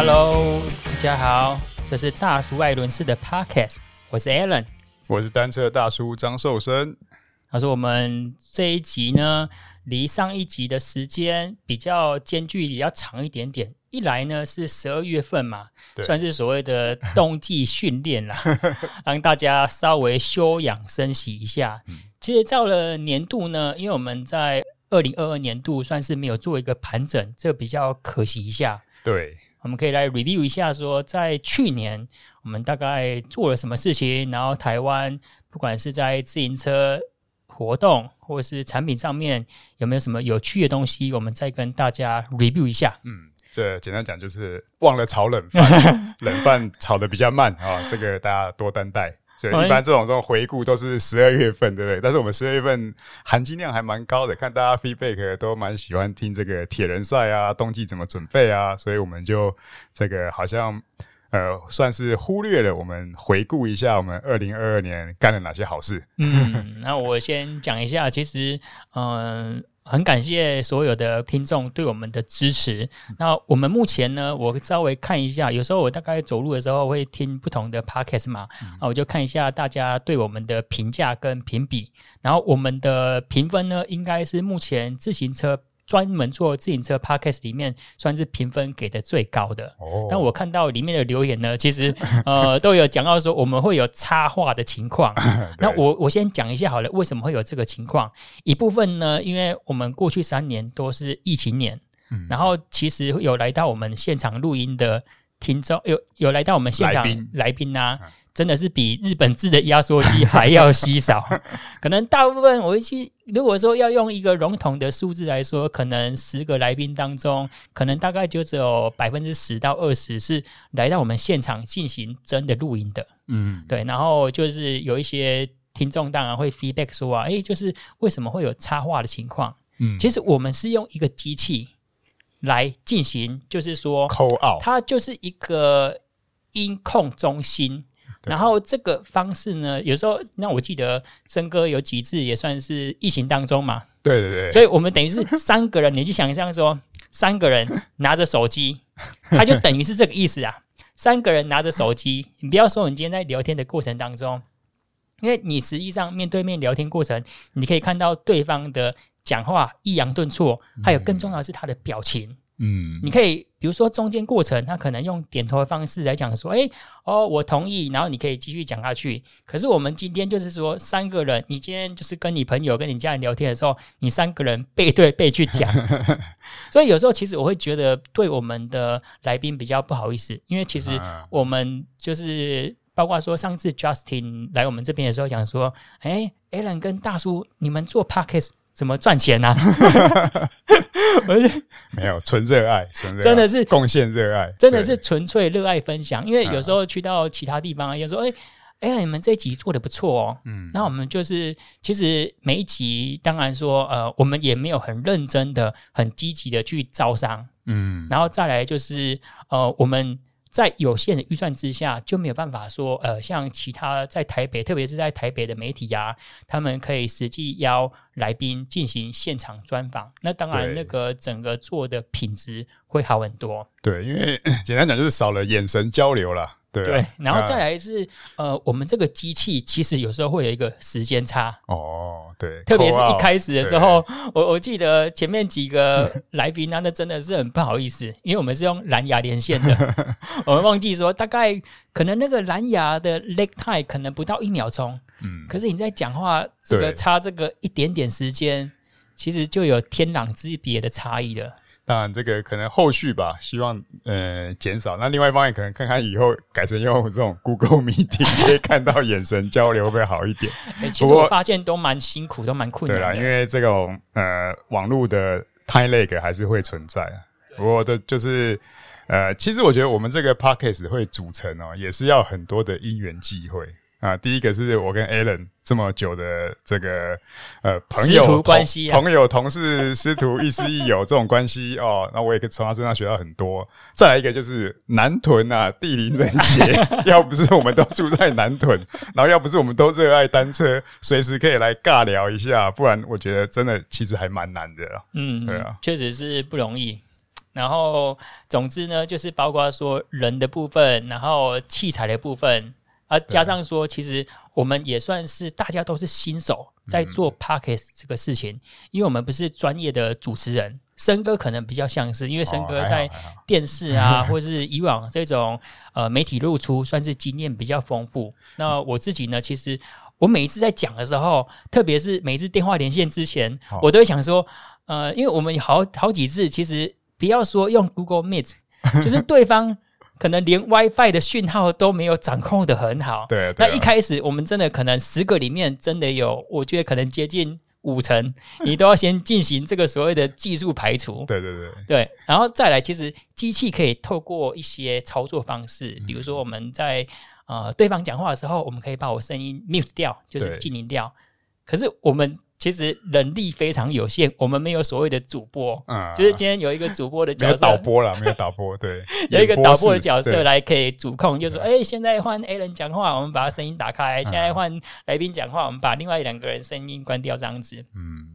Hello，大家好，這是大叔艾倫式的 Podcast，我是 Alan，我是單車大叔張壽生。他說：“我們這一集呢，離上一集的時間比較間距比較長一點點。一來呢是十二月份嘛，對，算是所謂的冬季訓練啦， 讓大家稍微休養生息一下。嗯，其實到了年度呢，因為我們在二零二二年度算是沒有做一個盤整，這比較可惜一下。”對。我們可以來 review 一下，說在去年我們大概做了什麼事情，然後台灣不管是在自行車活動或是產品上面有沒有什麼有趣的東西，我們再跟大家 review 一下。嗯，這簡單講就是忘了炒冷飯， 冷飯炒得比較慢啊， 哦，這個大家多擔待。所以一般這種這種回顧都是十二月份，對不對？但是我們十二月份含金量還蠻高的，看大家 feedback 都蠻喜歡聽這個鐵人賽啊，冬季怎麼準備啊，所以我們就這個好像呃算是忽略了，我們回顧一下我們二零二二年幹了哪些好事。嗯，那我先講一下， 其實嗯。呃很感謝所有的聽眾對我們的支持。那我們目前呢，我稍微看一下，有時候我大概走路的時候會聽不同的 podcast 嘛，啊，我就看一下大家對我們的評價跟評比。然後我們的評分呢，應該是目前自行車。專門做自行車 podcast 裡面算是評分給的最高的。但我看到裡面的留言呢，其實呃都有講到說我們會有插話的情況。那我我先講一下好了，為什麼會有這個情況？一部分呢，因為我們過去三年都是疫情年，然後其實有來到我們現場錄音的聽眾，有有來到我們現場來賓來啊。真的是比日本製的壓縮機還要稀少， 可能大部分我一去，如果說要用一個籠統的數字來說，可能十個來賓當中，可能大概就只有百分之十到二十是來到我們現場進行真的錄音的。嗯，對。然後就是有一些聽眾當然會 feedback 說啊，哎、欸，就是為什麼會有插話的情況？嗯，其實我們是用一個機器來進行，就是說，它就是一個音控中心。然後這個方式呢，有時候那我記得森哥有幾次也算是疫情當中嘛，對對對，所以我們等於是三個人，你去想象說三個人拿着手機，他就等於是這個意思啊， 三個人拿着手機，你不要說你今天在聊天的過程當中，因為你實際上面對面聊天過程，你可以看到對方的講話抑揚頓挫，還有更重要的是他的表情。對對對嗯，你可以比如說中間過程，他可能用點頭的方式來講說，誒，哦，我同意，然後你可以繼續講下去。可是我們今天就是說三個人，你今天就是跟你朋友、跟你家人聊天的時候，你三個人背對背去講， 所以有時候其實我會覺得對我們的來賓比較不好意思，因為其實我們就是包括說上次 Justin 來我們這邊的時候講說，誒，Alan 跟大叔，你們做 Podcast。怎麼賺錢啊？而且沒有純熱愛，純熱愛，真的是貢獻熱愛，真的是純粹熱愛分享。因為有時候去到其他地方，也、啊、說：“哎哎、欸欸，你們這一集做的不錯哦。”嗯，那我們就是其實每一集，當然說呃，我們也沒有很認真的、很積極的去招商。嗯，然後再來就是呃，我們。在有限的預算之下，就沒有辦法說，呃，像其他在台北，特別是在台北的媒體呀、啊，他們可以實際邀來賓進行現場專訪。那當然，那個整個做的品質會好很多。對，對，因為簡單講就是少了眼神交流啦。對，啊、對，然後再來是、啊、呃，我們這個機器其實有時候會有一個時間差哦，對，特別是一開始的時候，out, 我我記得前面幾個來賓啊，那真的是很不好意思、嗯，因為我們是用藍牙連線的， 我們忘記說，大概可能那個藍牙的 lag time 可能不到一秒鐘，嗯，可是你在講話這個差這個一點點時間，其實就有天壤之別的差異了。當然，這個可能後續吧，希望呃減少。那另外一方面，可能看看以後改成用這種 Google Meeting， 可以看到眼神交流會，會好一點、 欸。其實我發現都蠻辛苦，都蠻困難的。對、啊、因為這種呃網絡的 time lag 還是會存在。不過這就是呃，其實我覺得我們這個 podcast 會組成哦，也是要很多的因緣際會。啊，第一個是我跟 Alan 這麼久的這個呃朋友師徒關係、啊，朋友同事師徒亦師亦友這種關係哦，那我也可以從他身上學到很多。再來一個就是南屯啊，地靈人傑， 要不是我們都住在南屯， 然後要不是我們都熱愛單車，隨時可以來尬聊一下，不然我覺得真的其實還蠻難的。嗯，對啊，確實是不容易。然後總之呢，就是包括說人的部分，然後器材的部分。啊，加上說，其實我們也算是大家都是新手在做 podcast 這個事情、嗯，因為我們不是專業的主持人，森哥可能比較像是，因為森哥在電視啊，哦、 或者是以往這種呃媒體露出，算是經驗比較豐富。那我自己呢，其實我每一次在講的時候，特別是每一次電話連線之前、哦，我都會想說，呃，因為我們好好幾次，其實不要說用 Google Meet，就是對方。 可能連 WiFi 的訊號都沒有掌控的很好，對啊，對啊。那一開始我們真的可能十個裡面真的有，我覺得可能接近五成，嗯，你都要先進行這個所謂的技術排除。對對對對。然後再來，其實機器可以透過一些操作方式，比如說我們在、嗯、呃對方講話的時候，我們可以把我聲音 mute 掉，就是靜音掉。可是我們其實能力非常有限，我們沒有所謂的主播，嗯，就是今天有一個主播的角色，沒有導播啦，沒有導播，對， 有一個導播的角色來可以主控，就是哎、欸，現在換 Alan 講話，我們把他聲音打開、嗯；現在換來賓講話，我們把另外兩個人聲音關掉這樣子。嗯，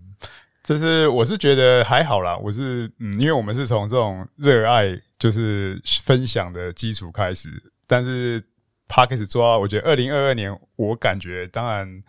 就是我是覺得還好啦，我是嗯，因為我們是從這種熱愛就是分享的基礎開始，但是他開始抓。做我覺得二零二二年我感覺當然。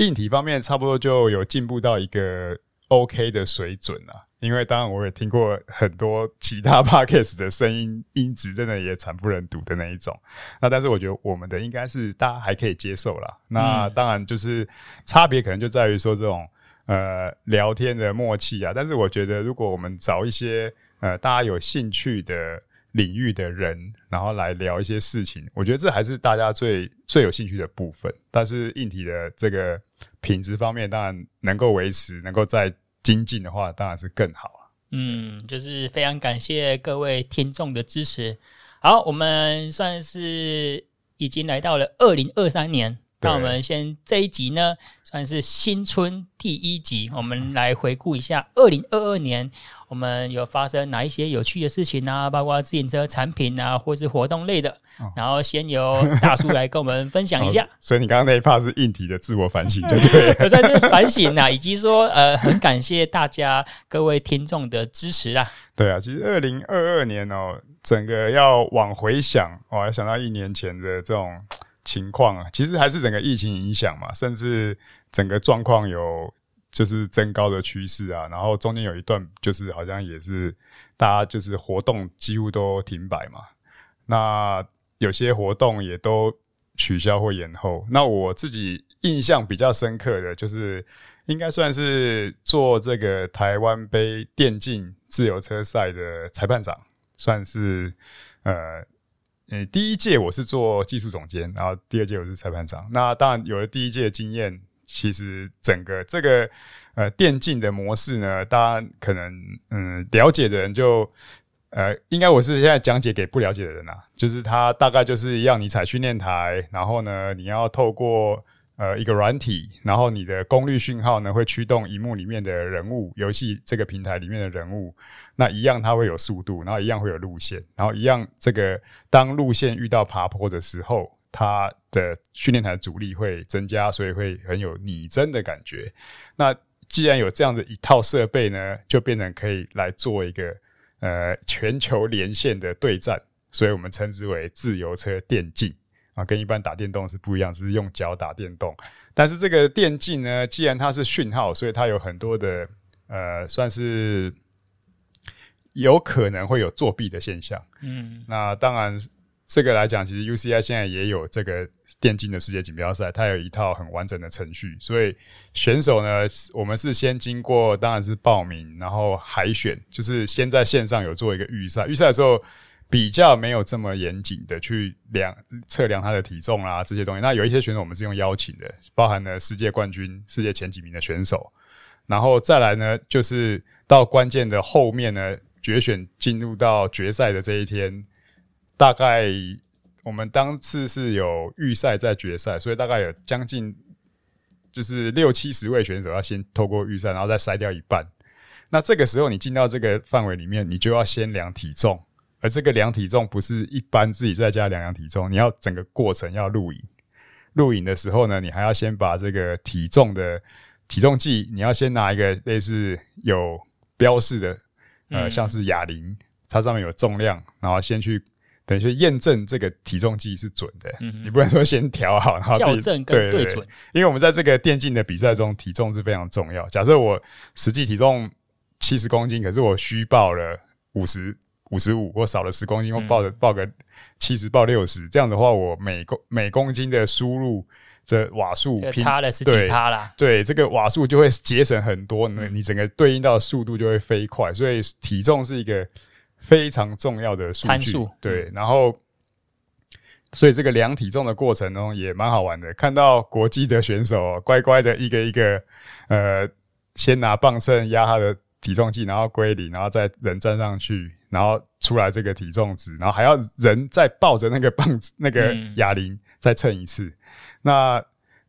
硬體方面差不多就有進步到一個 OK 的水準了啊，因為當然我也聽過很多其他 podcast 的聲音音質，真的也慘不忍睹的那一種。那但是我覺得我們的應該是大家還可以接受啦，那當然就是差別可能就在於說這種呃聊天的默契啊。但是我覺得如果我們找一些呃大家有興趣的。領域的人，然後來聊一些事情，我覺得這還是大家最最有興趣的部分。但是硬體的這個品質方面，當然能夠維持，能夠再精進的話，當然是更好啊。嗯，就是非常感謝各位聽眾的支持。好，我們算是已經來到了二零二三年。那我們先這一集呢，算是新春第一集，我們來回顧一下二零二二年，我們有發生哪一些有趣的事情啊？包括自行車產品啊，或是活動類的。然後先由大叔來跟我們分享一下。哦 哦、所以你剛剛那一趴是硬體的自我反省對不對？在反省吶、啊，以及說呃，很感謝大家各位聽眾的支持啊。對啊，其實二零二二年哦，整個要往回想，我、哦、還想到一年前的這種。情況啊，其實還是整個疫情影響嘛，甚至整個狀況有就是增高的趨勢啊。然後中間有一段就是好像也是大家就是活動幾乎都停擺嘛。那有些活動也都取消或延後。那我自己印象比較深刻的，就是應該算是做這個台灣杯電競自由車賽的裁判長，算是呃。嗯，第一屆我是做技術總監，然後第二屆我是裁判長。那當然有了第一屆的經驗，其實整個這個呃電競的模式呢，當然可能嗯了解的人就呃，應該我是現在講解給不了解的人啦，就是他大概就是要你踩訓練台，然後呢你要透過。呃，一個軟體，然後你的功率訊號呢，會驅動熒幕裡面的人物，遊戲這個平台裡面的人物，那一樣它會有速度，然後一樣會有路線，然後一樣這個當路線遇到爬坡的時候，它的訓練台的阻力會增加，所以會很有擬真的感覺。那既然有這樣的一套設備呢，就變成可以來做一個呃全球連線的對戰，所以我們稱之為自由車電競。跟一般打電動是不一樣，只是用腳打電動。但是這個電競呢，既然它是訊號，所以它有很多的呃，算是有可能會有作弊的現象。嗯，那當然這個來講，其實 UCI 現在也有這個電競的世界錦標賽，它有一套很完整的程序。所以選手呢，我們是先經過，當然是報名，然後海選，就是先在線上有做一個預賽，預賽的時候。比較沒有這麼嚴謹的去量測量他的體重啦、啊、這些東西。那有一些選手我們是用邀請的，包含了世界冠軍、世界前幾名的選手。然後再來呢，就是到關鍵的後面呢，決選進入到決賽的這一天，大概我們當次是有預賽在決賽，所以大概有將近就是六七十位選手要先透過預賽，然後再篩掉一半。那這個時候你進到這個範圍裡面，你就要先量體重。而這個量體重不是一般自己在家量量體重，你要整個過程要錄影。錄影的時候呢，你還要先把這個體重的體重計，你要先拿一個類似有標示的，呃，像是啞鈴、嗯，它上面有重量，然後先去等於去驗證這個體重計是準的、嗯。你不能說先調好，然後自己校正跟對準，對對對。因為我們在這個電競的比賽中，體重是非常重要。假設我實際體重七十公斤，可是我虛報了五十。五十五，我少了十公斤，我報的報個七十，報六十，這樣的話，我每公每公斤的輸入這瓦、這個、的瓦數，差的是幾趴啦，對，對，這個瓦數就會節省很多，你、嗯、你整個對應到的速度就會飛快，所以體重是一個非常重要的數據，對，然後，所以這個量體重的過程中也蠻好玩的，看到國際的選手乖乖的一個一個，呃，先拿磅秤壓他的。體重計，然後歸零，然後再人站上去，然後出來這個體重值，然後還要人再抱着那個棒子、那個啞鈴再稱一次、嗯。那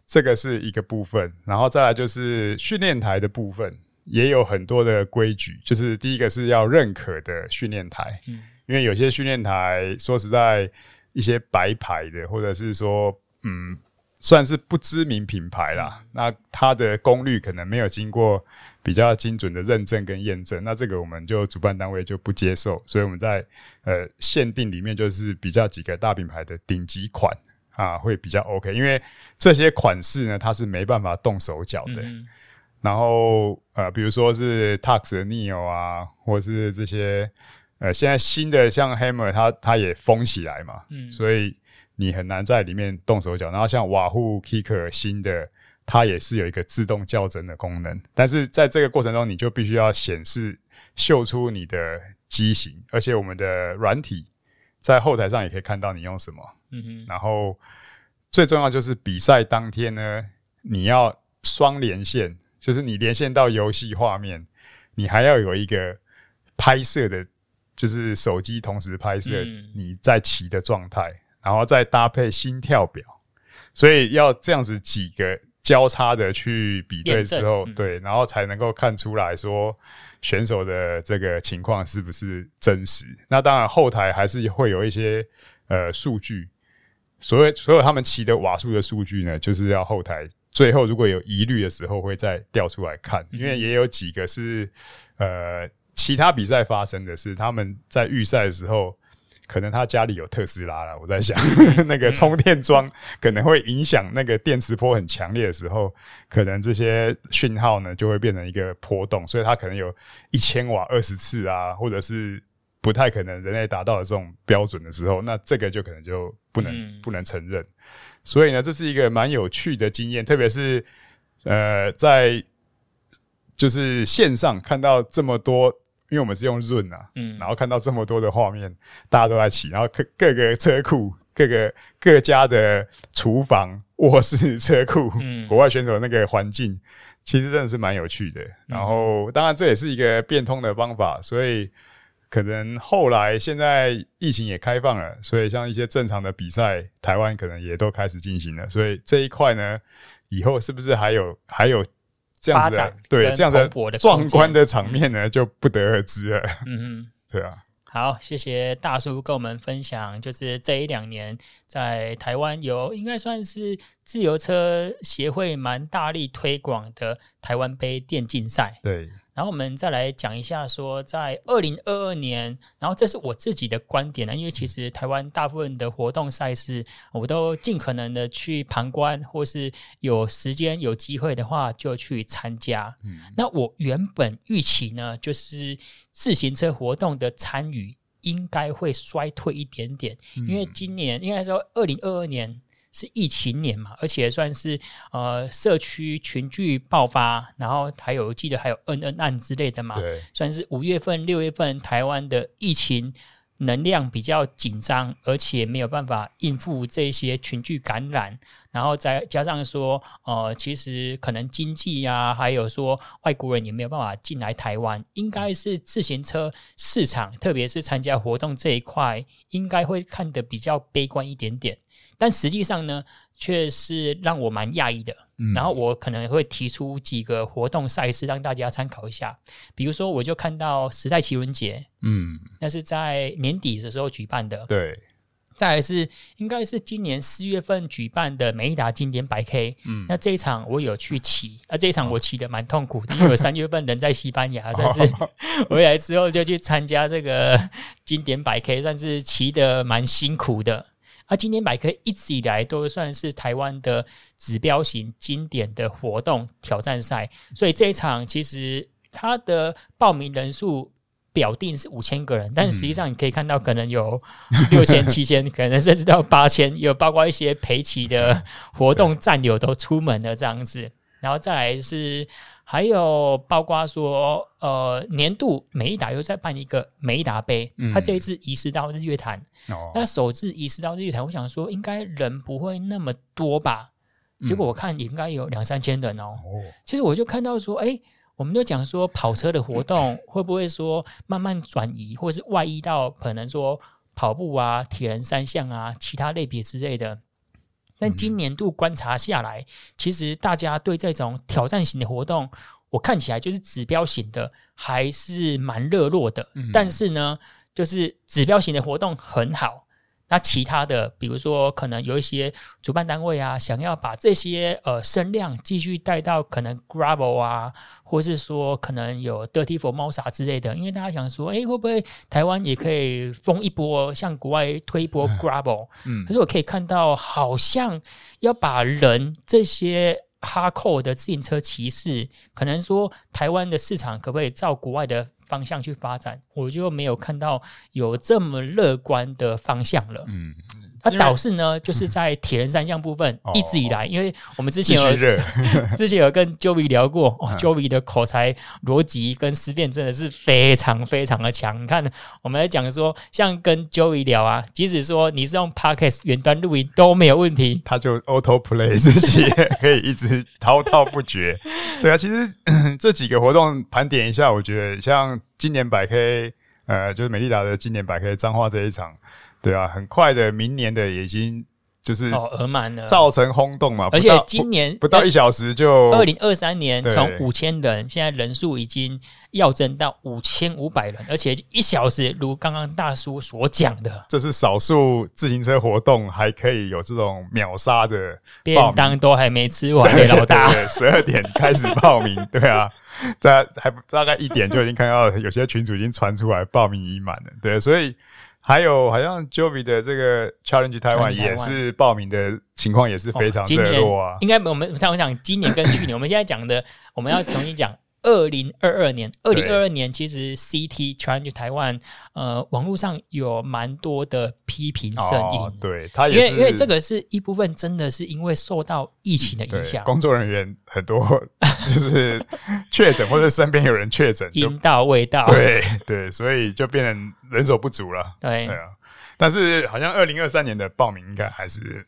這個是一個部分，然後再來就是訓練台的部分，也有很多的規矩。就是第一個是要認可的訓練台、嗯，因為有些訓練台說實在一些白牌的，或者是說嗯。算是不知名品牌啦，嗯，那它的功率可能沒有經過比較精準的認證跟驗證，那這個我們就主辦單位就不接受，所以我們在呃限定裡面就是比較幾個大品牌的頂級款啊，會比較 OK，因為這些款式呢，它是沒辦法動手腳的，欸嗯嗯。然後呃，比如說是 Tux 的 Neo 啊，或是這些呃現在新的像 Hammer，它它也封起來嘛，嗯，所以。你很難在裡面動手腳，然後像 Wahoo Kicker 新的，它也是有一個自動校正的功能，但是在這個過程中，你就必須要顯示秀出你的機型，而且我們的軟體在後台上也可以看到你用什麼。嗯嗯。然後最重要就是比賽當天呢，你要雙連線，就是你連線到遊戲畫面，你還要有一個拍攝的，就是手機同時拍攝你在騎的狀態。嗯然後再搭配心跳表，所以要這樣子幾個交叉的去比對之後，對，然後才能夠看出來說選手的這個情況是不是真實。那當然，後台還是會有一些呃數據，所謂，所有他們騎的瓦數的數據呢，就是要後台最後如果有疑慮的時候會再調出來看，因為也有幾個是呃其他比賽發生的是他們在預賽的時候。可能他家裡有特斯拉了，我在想、嗯、 那個充電樁可能會影響那個電磁波很強烈的時候，可能這些訊號呢就會變成一個波動，所以它可能有一千瓦二十次啊，或者是不太可能人類達到的這種標準的時候、嗯，那這個就可能就不能、嗯、不能承認。所以呢，這是一個蠻有趣的經驗，特別是呃，在就是線上看到這麼多，因為我們是用 Zoom 啊，嗯，然後看到這麼多的畫面，嗯、大家都在騎，然後各各個車庫、各個各家的廚房、臥室車庫，嗯，國外選手那個環境，其實真的是蠻有趣的。然後，當然這也是一個變通的方法，所以可能後來現在疫情也開放了，所以像一些正常的比賽，台灣可能也都開始進行了。所以這一塊呢，以後是不是還有還有這樣子的發展的對這樣子的壯觀的場面呢，嗯，就不得而知了。嗯嗯，對啊。好，謝謝大叔跟我們分享，就是這一兩年在台灣有應該算是自由車協會蠻大力推廣的台灣杯電競賽。對。然後我們再來講一下，說在二零二二年，然後這是我自己的觀點呢，因為其實台灣大部分的活動賽事，我都盡可能的去旁觀，或是有時間有機會的話就去參加。嗯。那我原本預期呢，就是自行車活動的參與應該會衰退一點點，因為今年應該說二零二二年。是疫情年嘛，而且算是呃社區群聚爆發，然後還有記得還有恩恩案之類的嘛，算是五月份、六月份台灣的疫情能量比較緊張，而且沒有辦法應付這些群聚感染。然後再加上說，呃，其實可能經濟呀、啊，還有說外國人也沒有辦法進來台灣，應該是自行車市場，特別是參加活動這一塊，應該會看得比較悲觀一點點。但實際上呢，卻是讓我蠻訝異的。嗯、然後我可能會提出幾個活動賽事讓大家參考一下，比如說我就看到時代騎輪節，嗯，那是在年底的時候舉辦的，對。再來是應該是今年四月份舉辦的美利達經典百 K，嗯，那這一場我有去騎，啊，這一場我騎的蠻痛苦的，嗯，因為我三月份人在西班牙， 算是回來之後就去參加這個經典百 K，算是騎的蠻辛苦的。啊，經典百 K 一直以來都算是台灣的指標型經典的活動挑戰賽，所以這一場其實它的報名人數。表定是五千個人，但是實際上你可以看到，可能有六千、七千，可能甚至到八千，有包括一些陪騎的活動戰友都出門了這樣子。然後再來是還有包括說，呃，年度美利達又再辦一個美利達杯，嗯、他這一次移師到日月潭，哦、那首次移師到日月潭，我想說應該人不會那麼多吧？嗯、結果我看應該有兩三千人，喔、哦。其實我就看到說，哎、欸。我們就講說跑車的活動會不會說慢慢轉移，或是外溢到可能說跑步啊、鐵人三項啊、其他類別之類的。但今年度觀察下來，其實大家對這種挑戰型的活動，我看起來就是指標型的還是蠻熱絡的。但是呢，就是指標型的活動很好。那其他的，比如說可能有一些主辦單位啊，想要把這些呃，聲量繼續帶到可能 gravel 啊，或是說可能有 dirty for 貓啥之類的，因為大家想說，誒、欸，會不會台灣也可以封一波，向國外推一波 gravel？嗯，可是我可以看到，好像要把人這些哈扣的自行車騎士，可能說台灣的市場可不可以照國外的方向去發展，我就沒有看到有這麼樂觀的方向了。嗯。那導致呢，就是在鐵人三項部分一直以來、哦哦哦，因為我們之前有之前有跟 Joey 聊過、哦嗯、Joey 的口才、邏輯跟思辨真的是非常非常的強。你看，我們在講說，像跟 Joey 聊啊，即使說你是用 Podcast 遠端錄音都沒有問題，他就 Auto Play 這些 可以一直滔滔不絕。 對啊，其實、嗯、這幾個活動盤點一下，我覺得像今年百 K，呃，就是美利達的今年百 K 彰化這一場。對啊，很快的，明年的也已經就是哦額滿了，造成轟動嘛。哦、而且今年不到一小時就二零二三年從五千人，現在人數已經要增到五千五百人，而且一小時，如剛剛大叔所講的，這是少數自行車活動還可以有這種秒殺的。便當都還沒吃完， 老大，十二點開始報名， 對啊，在還不大概一點就已經看到有些群主已經傳出來報名已滿了，對，所以。還有，好像 Jovi 的這個 Challenge Taiwan 也是報名的情況，也是非常的弱啊、哦今年。應該我們像我想，今年跟去年， 我們現在講的，我們要重新講。 二零二二年，二零二二年其實 CT 傳去台灣，呃，網絡上有蠻多的批評聲音，哦，對，他也是，因為因為這個是一部分，真的是因為受到疫情的影響，嗯，工作人員很多，就是確診 或者身邊有人確診，應到未到，對對，所以就變成人手不足了，對啊，但是好像二零二三年的報名應該還是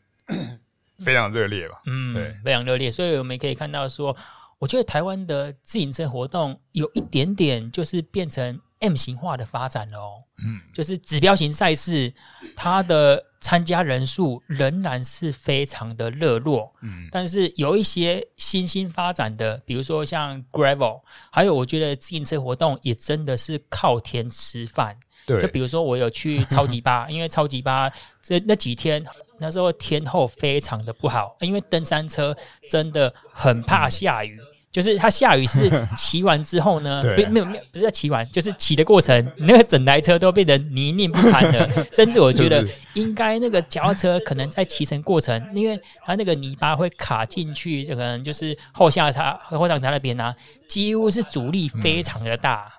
非常熱烈吧，嗯，對，非常熱烈，所以我們可以看到說。我覺得台灣的自行車活動有一點點就是變成 M 型化的發展了哦。嗯，就是指標型賽事，它的參加人數仍然是非常的熱絡，嗯，但是有一些新興發展的，比如說像 Gravel，還有我覺得自行車活動也真的是靠天吃飯，對，就比如說我有去超級巴，因為超級巴這那幾天那時候天候非常的不好，因為登山車真的很怕下雨。就是它下雨是騎完之後呢 不，沒有沒有不是在騎完，就是騎的過程，那個整台車都變得泥濘不堪的， 甚至我覺得應該那個腳踏車可能在騎乘過程， 因為它那個泥巴會卡進去，就可能就是後下叉和後上叉那邊啊，幾乎是阻力非常的大。嗯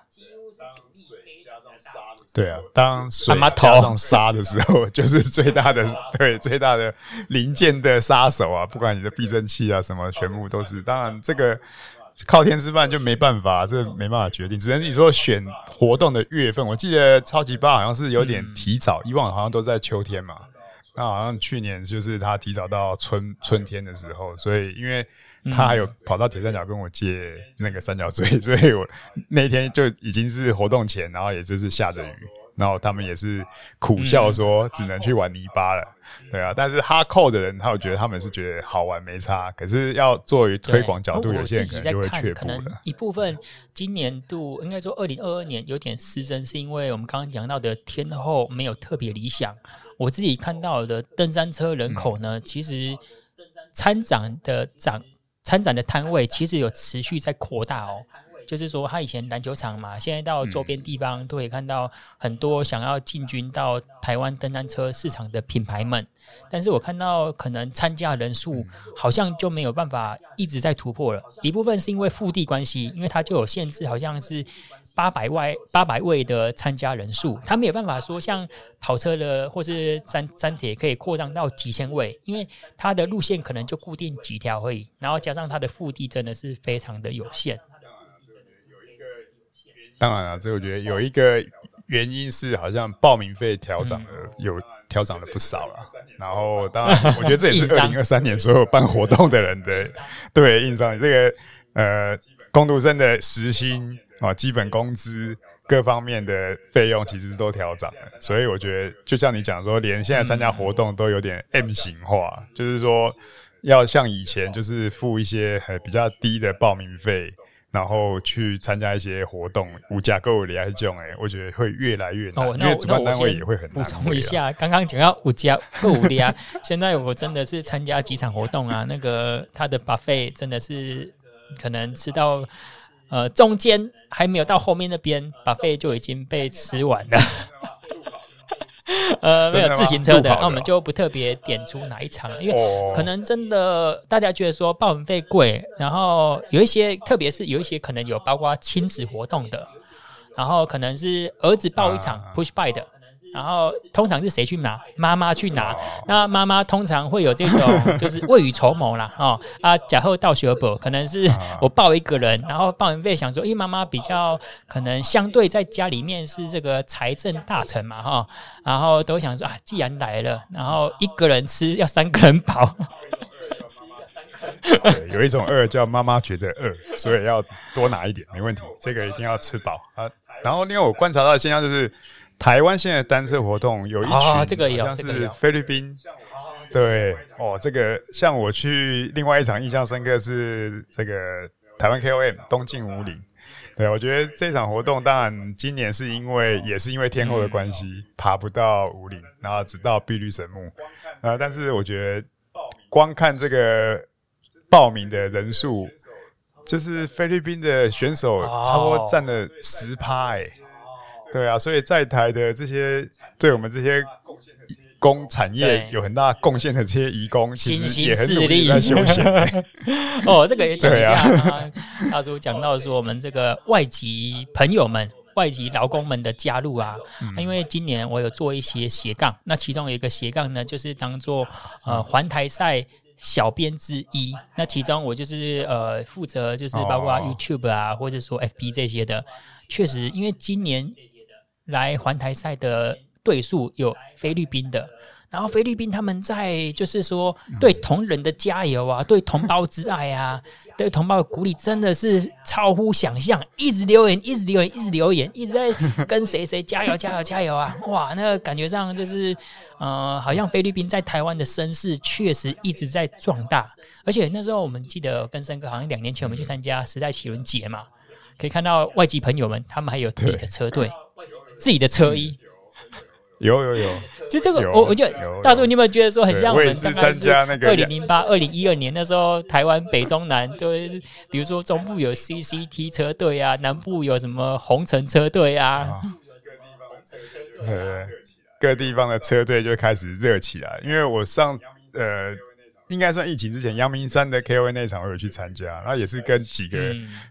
對啊，當水往、啊、上殺的時候，就是最大的對最大的零件的殺手啊！不管你的避震器啊什麼，全部都是。當然，這個靠天吃飯就沒辦法，這個、沒辦法決定，只能你說選活動的月份。我記得超級八好像是有點提早、嗯，以往好像都在秋天嘛，那好像去年就是他提早到春春天的時候，所以因為。嗯、他還有跑到鐵三角跟我借那個三角錐，所以我那天就已經是活動前，然後也就是下着雨，然後他們也是苦笑說只能去玩泥巴了。嗯、對啊，但是哈扣的人，他有覺得他們是覺得好玩沒差，可是要作為推廣角度有些可能就會卻步了，有自己在看，可能一部分今年度應該說二零二二年有點失真，是因為我們剛剛講到的天候沒有特別理想。我自己看到的登山車人口呢，嗯、其實參展的漲。參展的攤位其實有持續在擴大哦。就是說，他以前籃球場嘛，現在到周邊地方都可以看到很多想要進軍到台灣登山車市場的品牌們。但是我看到可能參加人數好像就沒有辦法一直在突破了。一部分是因為腹地關係，因為他就有限制，好像是八百位八百位的參加人數，他沒有辦法說像跑車的或是山山鐵可以擴張到幾千位，因為它的路線可能就固定幾條而已，然後加上它的腹地真的是非常的有限。當然了，啊，這我覺得有一個原因是，好像報名費調漲了，有調漲了不少了。然後，當然，我覺得這也是二零二三年所有辦活動的人的 硬傷，對，硬傷，這個呃，工讀生的時薪啊，基本工資各方面的費用其實都調漲了，所以我覺得就像你講說，連現在參加活動都有點 M 型化，嗯，就是說要像以前就是付一些還比較低的報名費。然後去參加一些活動，無家可歸啊這種哎，我覺得會越來越難，哦、那因為主辦單位也會很難。補充一下，剛剛講到無家可歸啊， 現在我真的是參加幾場活動啊， 那個他的巴菲真的是可能吃到呃，中間還沒有到後面那邊巴菲，呃、 就已經被吃完了。 呃，沒有自行車的，的、哦，那我們就不特別點出哪一場，因為可能真的大家覺得說報名費貴，然後有一些，特別是有一些可能有包括親子活動的，然後可能是兒子報一場 push by 的。啊啊啊然後通常是誰去拿？媽媽去拿。哦、那媽媽通常會有這種，就是未雨綢繆啦， 哦啊，假後到學博可能是我抱一個人，啊、然後報名費想說，因為，媽媽比較可能相對在家裡面是這個財政大臣嘛，哈、哦，然後都想說啊，既然來了，然後一個人吃要三個人飽，嗯， 有一種餓叫媽媽覺得餓， 所以要多拿一點，沒問題，這個一定要吃飽啊。然後因為我觀察到的現象就是。台灣現在單車活動有一群，像是菲律賓、哦，這個這個，對，哦，這個像我去另外一場印象深刻是這個台灣 KOM 東進武嶺，對我覺得這場活動當然今年是因為也是因為天候的關係爬不到武嶺，然後只到碧綠神木，啊、呃，但是我覺得光看這個報名的人數，就是菲律賓的選手差不多占了十趴，欸對啊，所以在台的這些，對我們這些工產業有很大貢獻的這些移工，其實也很努力在休閒、欸、 哦，這個也講一下、啊。大叔講到說我們這個外籍朋友們、 外籍勞工們的加入啊，嗯、啊因為今年我有做一些斜槓，那其中有一個斜槓呢，就是當做呃環台賽小編之一。那其中我就是呃負責就是包括 YouTube 啊，或者說 FB 這些的，確、哦哦、實因為今年。來環台賽的隊數有菲律賓的，然後菲律賓他們在就是說對同仁的加油啊，對同胞之愛啊，對同胞的鼓勵真的是超乎想象，一直留言，一直留言，一直留言，一直在跟誰誰加油，加油，加油啊！哇，那個感覺上就是呃，好像菲律賓在台灣的聲勢確實一直在壯大，而且那時候我們記得跟森哥好像兩年前我們去參加時代騎輪節嘛，可以看到外籍朋友們他們還有自己的車隊。自己的車衣有有有，其實 這個我我覺得大叔有有，你有沒有覺得說很像我們是參加那個二零零八、二零一二年那時候台灣北中南都， 比如說中部有 CCT 車隊啊，南部有什麼紅城車隊啊，哦，呃，各地方的車隊就開始熱起來，因為我上呃。應該算疫情之前，陽明山的 KOA 那一場我有去參加，然後也是跟幾個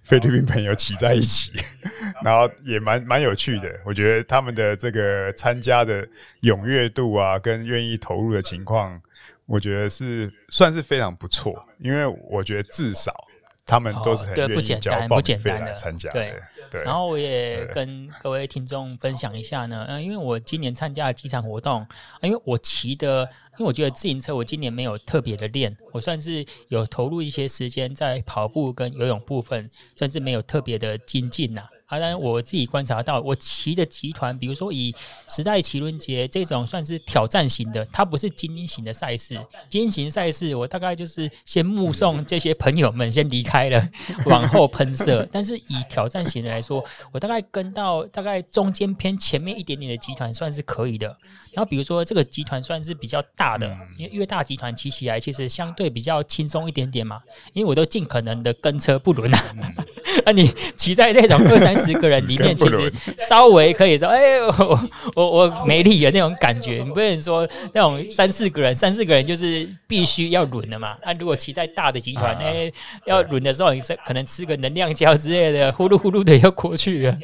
菲律賓朋友騎在一起，嗯、然後也蠻蠻有趣的。我覺得他們的這個參加的踴躍度啊，跟願意投入的情況，我覺得是算是非常不錯。因為我覺得至少他們都是很願意交報名費來參加的、哦、對，不簡單，不簡單的參加的。對，然後我也跟各位聽眾分享一下呢，嗯、哦呃，因為我今年參加了幾場活動、呃，因為我騎的。因為我覺得自行車，我今年沒有特別的練，我算是有投入一些時間在跑步跟游泳部分，算是沒有特別的精進吶、啊。好、啊，當然我自己觀察到，我騎的集團，比如說以時代騎輪節這種算是挑戰型的，它不是精英型的賽事。精英型賽事，我大概就是先目送這些朋友們先離開了，往後噴射。 但是以挑戰型的來說，我大概跟到大概中間偏前面一點點的集團算是可以的。然後比如說這個集團算是比較大的，因為越大集團騎起來其實相對比較輕鬆一點點嘛。因為我都盡可能的跟車不輪那、 啊、你騎在這種二三。十個人裡面，其實稍微可以說，哎、欸，我我我沒力的那種感覺。你不能說那種三四個人，三四個人就是必須要輪的嘛。那、啊、如果騎在大的集團，哎、啊欸，要輪的時候，你是可能吃個能量膠之類的，呼嚕呼嚕的要過去了。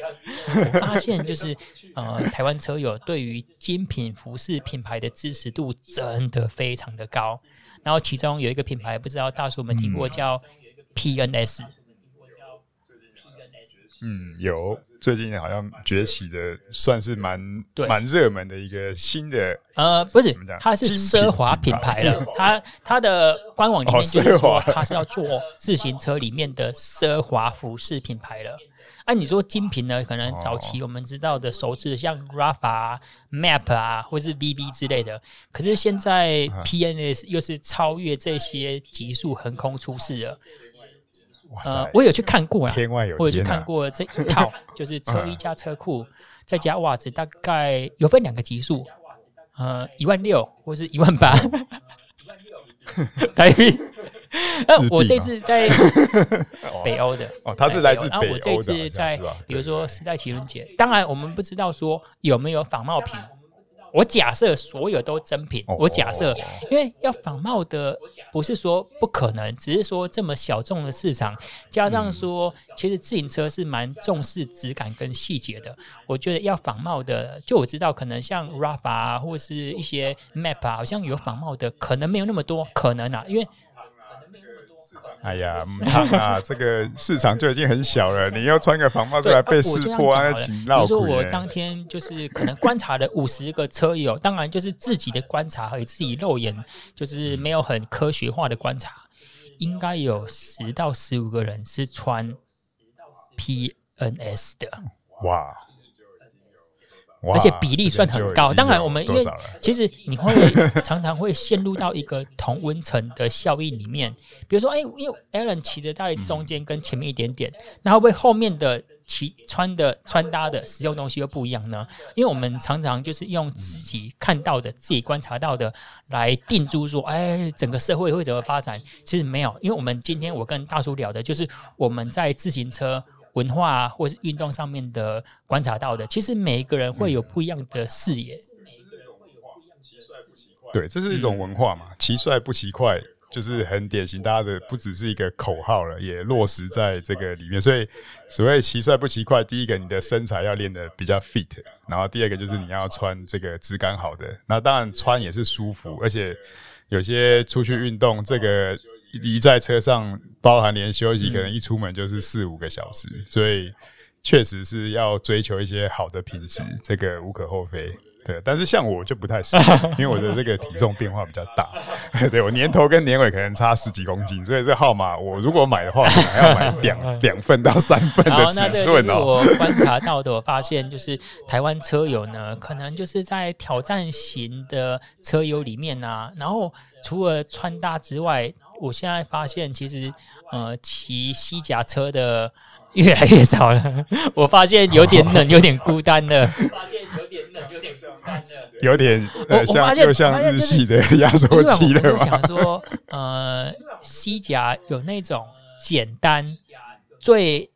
我發現就是， 呃，台灣車友對於精品服飾品牌的支持度真的非常的高。然後其中有一個品牌，不知道大叔有沒有聽過叫 PNS、嗯。嗯，有，最近好像崛起的，算是蠻蠻熱門的一個新的呃，不是它，是奢華品牌了。它它的官網裡面就是說，它是要做自行車裡面的奢華服飾品牌了。按、啊、你說精品呢？可能早期我們知道的，熟知的、哦、像 Rafa、Map 啊，或是 VB 之類的。可是現在 PNS 又是超越這些極速橫空出世了。呃，我有去看過啊，我有去看過這一套， 就是車衣加車褲、嗯啊、再加襪子，大概有分兩個級數，呃，一萬六或是一萬八，一萬六，那、 呃、我這次在北歐的哦、啊，哦，他是來自北歐的，然後我這次在、嗯，比如說時代情人節、嗯，當然我們不知道說有沒有仿冒品。我假設所有都真品。我假設，因為要仿冒的不是說不可能，只是說這麼小眾的市場，加上說其實自行車是蠻重視質感跟細節的，嗯。我覺得要仿冒的，就我知道可能像 Rafa 啊，或是一些 Map 啊，好像有仿冒的，可能沒有那麼多可能啊，因為。哎呀，啊、 這個市場就已經很小了。你要穿個防爆出來被識破，緊繞褲。啊我欸、說，我當天就是可能觀察了五十個車友， 當然就是自己的觀察和自己肉眼，就是沒有很科學化的觀察，應該有十到十五個人是穿 PNS 的。哇！而且比例算很高，當然我們，因為其實你會常常會陷入到一個同溫層的效應裡面。 比如說，哎、欸，因為 Alan 騎着在中間，跟前面一點點、嗯，那會不會後面的騎穿的穿搭的實用東西又不一樣呢？因為我們常常就是用自己看到的、嗯、自己觀察到的來定住說，哎、欸，整個社會會怎麼發展？其實沒有，因為我們今天我跟大叔聊的就是我們在自行車文化、啊、或是運動上面的觀察到的，其實每一個人會有不一樣的視野。嗯、對，這是一種文化嘛，騎帥不騎快，就是很典型，大家的不只是一個口號了，也落實在這個裡面。所以，所謂騎帥不騎快，第一個你的身材要練得比較 fit，然後第二個就是你要穿這個質感好的。那當然穿也是舒服，而且有些出去運動這個。一在車上包含連休息、嗯，可能一出門就是四五個小時，所以確實是要追求一些好的品質，這個無可厚非。對，但是像我就不太適合 因為我的這個體重變化比較大。 對，我年頭跟年尾可能差十幾公斤，所以這號碼我如果買的話，我要買兩兩 份到三份的尺寸哦。那是我觀察到的，我發現就是台灣車友呢，可能就是在挑戰型的車友裡面呢，啊，然後除了穿搭之外，我現在發現，其實，呃，騎西甲車的越來越少了。我發現有點冷，有點孤單了， 呃、發現有點冷，有點孤單了，有點像。就像日系的壓縮機了、就是、我想說，呃，西甲有那種簡單、最、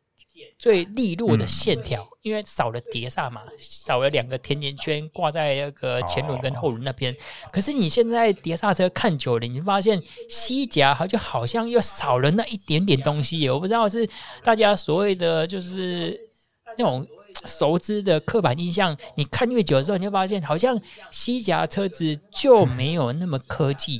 最利落的線條。嗯因為少了碟剎嘛，少了兩個甜甜圈掛在那個前輪跟後輪那邊，哦。可是你現在碟剎車看久了，你就發現西甲就好像又少了那一點點東西。我不知道是大家所謂的就是那種熟知的刻板印象。你看越久之後，你就發現好像西甲車子就沒有那麼科技，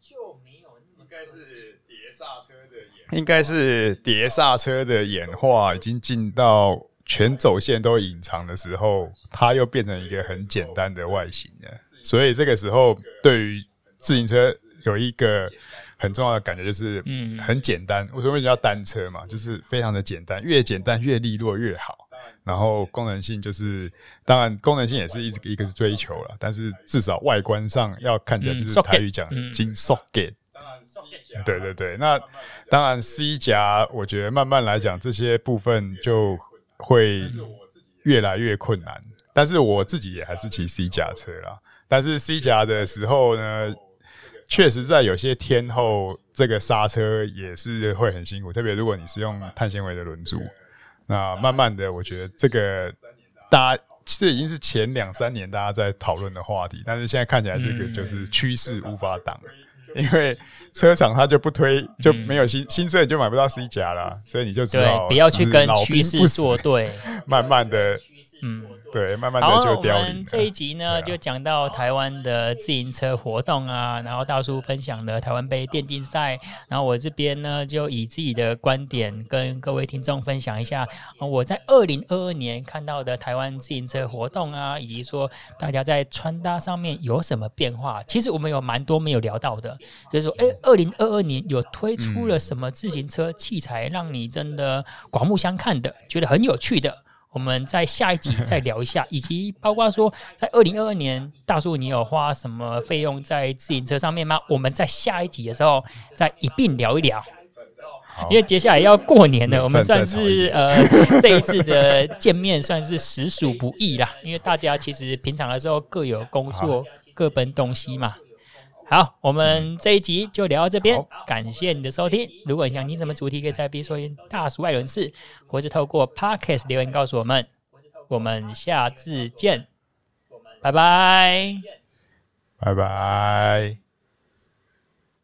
就沒有那麼應該是碟剎車的演，應該是碟剎車的演化已經進到。全走線都隱藏的時候，它又變成一個很簡單的外形了。所以這個時候，對於自行車有一個很重要的感覺就是，嗯，很簡單。我說為什麼叫單車嘛？就是非常的簡單，越簡單越利落越好。然後功能性就是，當然功能性也是一一個是追求啦，但是至少外觀上要看起來就是台語講“精 socket”。當然，socket，對對對，那當然 C 夾，我覺得慢慢來講這些部分就。會越來越困難，但是我自己也還是騎 C 夾車啦。但是 C 夾的時候呢，確實在有些天候，這個剎車也是會很辛苦。特別如果你是用碳纖維的輪組，那慢慢的，我覺得這個大家，這已經是前兩三年大家在討論的話題，但是現在看起來這個就是趨勢無法擋了。因為車廠它就不推，就沒有新、嗯、新車，你就買不到 C 加了、啊嗯，所以你就只好只不，不要去跟趨勢做對，慢慢的。嗯，對，慢慢的就凋零。我們這一集呢，就講到台灣的自行車活動啊，然後大叔分享了台灣杯電競賽，然後我這邊呢，就以自己的觀點跟各位聽眾分享一下，我在二零二二年看到的台灣自行車活動啊，以及說大家在穿搭上面有什麼變化。其實我們有蠻多沒有聊到的，就是說，哎、欸，二零二二年有推出了什麼自行車器材，讓你真的刮目相看的，覺得很有趣的。我們在下一集再聊一下， 以及包括說，在二零二二年，大叔，你有花什麼費用在自行車上面嗎？我們在下一集的時候再一併聊一聊。因為接下來要過年了，我們算是 呃這一次的見面算是實屬不易啦，因為大家其實平常的時候各有工作，各奔東西嘛。好，我們這一集就聊到這邊，感謝你的收聽。如果你想聽什麼主題，可以在 FB 說大叔外人事，或是透過 Podcast 留言告訴我們。我們下次見，拜拜，拜拜。